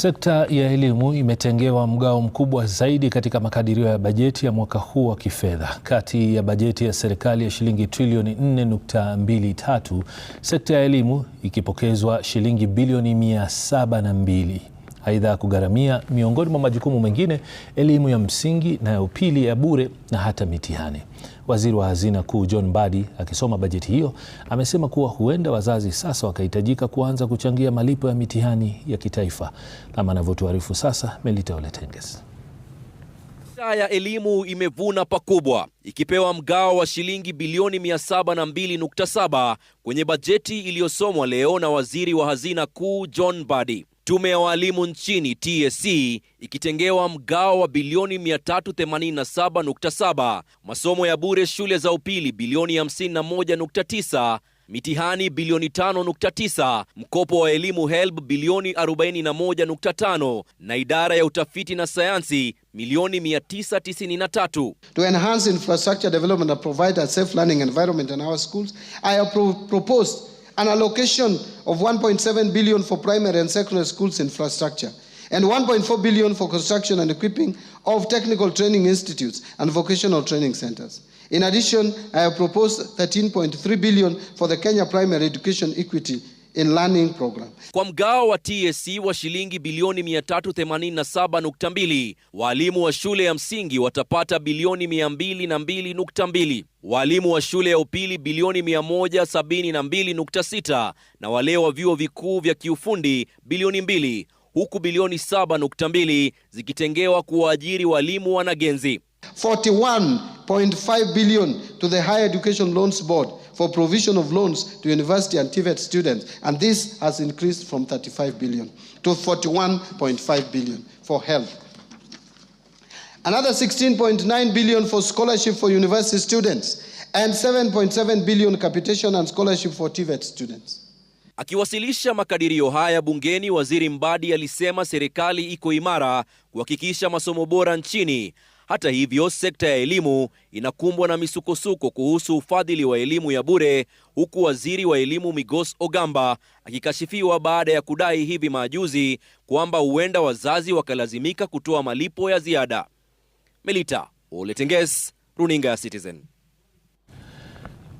Sekta ya elimu imetengewa mgao mkubwa zaidi katika makadirio ya bajeti ya mwaka huu wa kifedha. Kati ya bajeti ya serikali ya shilingi trilioni 4.23, sekta ya elimu ikipokezwa shilingi bilioni 702 aidha kugharamia, miongoni mwa majukumu mengine, elimu ya msingi na ya upili ya bure na hata mitihani. Waziri wa Hazina Kuu John Mbadi akisoma bajeti hiyo amesema kuwa huenda wazazi sasa wakahitajika kuanza kuchangia malipo ya mitihani ya kitaifa, kama anavyotuarifu sasa Melita Oletenges. Ya elimu imevuna pakubwa ikipewa mgao wa shilingi bilioni 702.7 kwenye bajeti iliyosomwa leo na waziri wa hazina kuu John Mbadi. Tume ya walimu nchini TSC ikitengewa mgao wa bilioni 387.7, masomo ya bure shule za upili bilioni 51.9, mitihani bilioni 5.9, mkopo wa elimu HELB bilioni 41.5 na idara ya utafiti na sayansi milioni 993. To enhance infrastructure development and provide a safe learning environment in our schools, I have proposed an allocation of 1.7 billion for primary and secondary schools infrastructure and 1.4 billion for construction and equipping of technical training institutes and vocational training centers. In addition, I have proposed 13.3 billion for the Kenya Primary Education Equity in learning program. Kwa mgao wa TSC wa shilingi bilioni 387.2, walimu wa shule ya msingi watapata bilioni 202.2, walimu wa shule ya upili bilioni 172.6 na, wale wa vyuo vikuu vya kiufundi bilioni 2, huku bilioni 7.2 zikitengewa kuwaajiri walimu wanagenzi. 41.5 billion to the Higher Education Loans Board for provision of loans to university and TVET students, and this has increased from 35 billion to 41.5 billion for health. Another 16.9 billion for scholarship for university students and 7.7 billion capitation and scholarship for TVET students. Akiwasilisha makadirio haya bungeni, Waziri Mbadi alisema serikali iko imara kuhakikisha masomo bora nchini hata hivyo, sekta ya elimu inakumbwa na misukosuko kuhusu ufadhili wa elimu ya bure, huku waziri wa elimu Migos Ogamba akikashifiwa baada ya kudai hivi majuzi kwamba huenda wazazi wakalazimika kutoa malipo ya ziada. Melita Oletenges, runinga ya Citizen.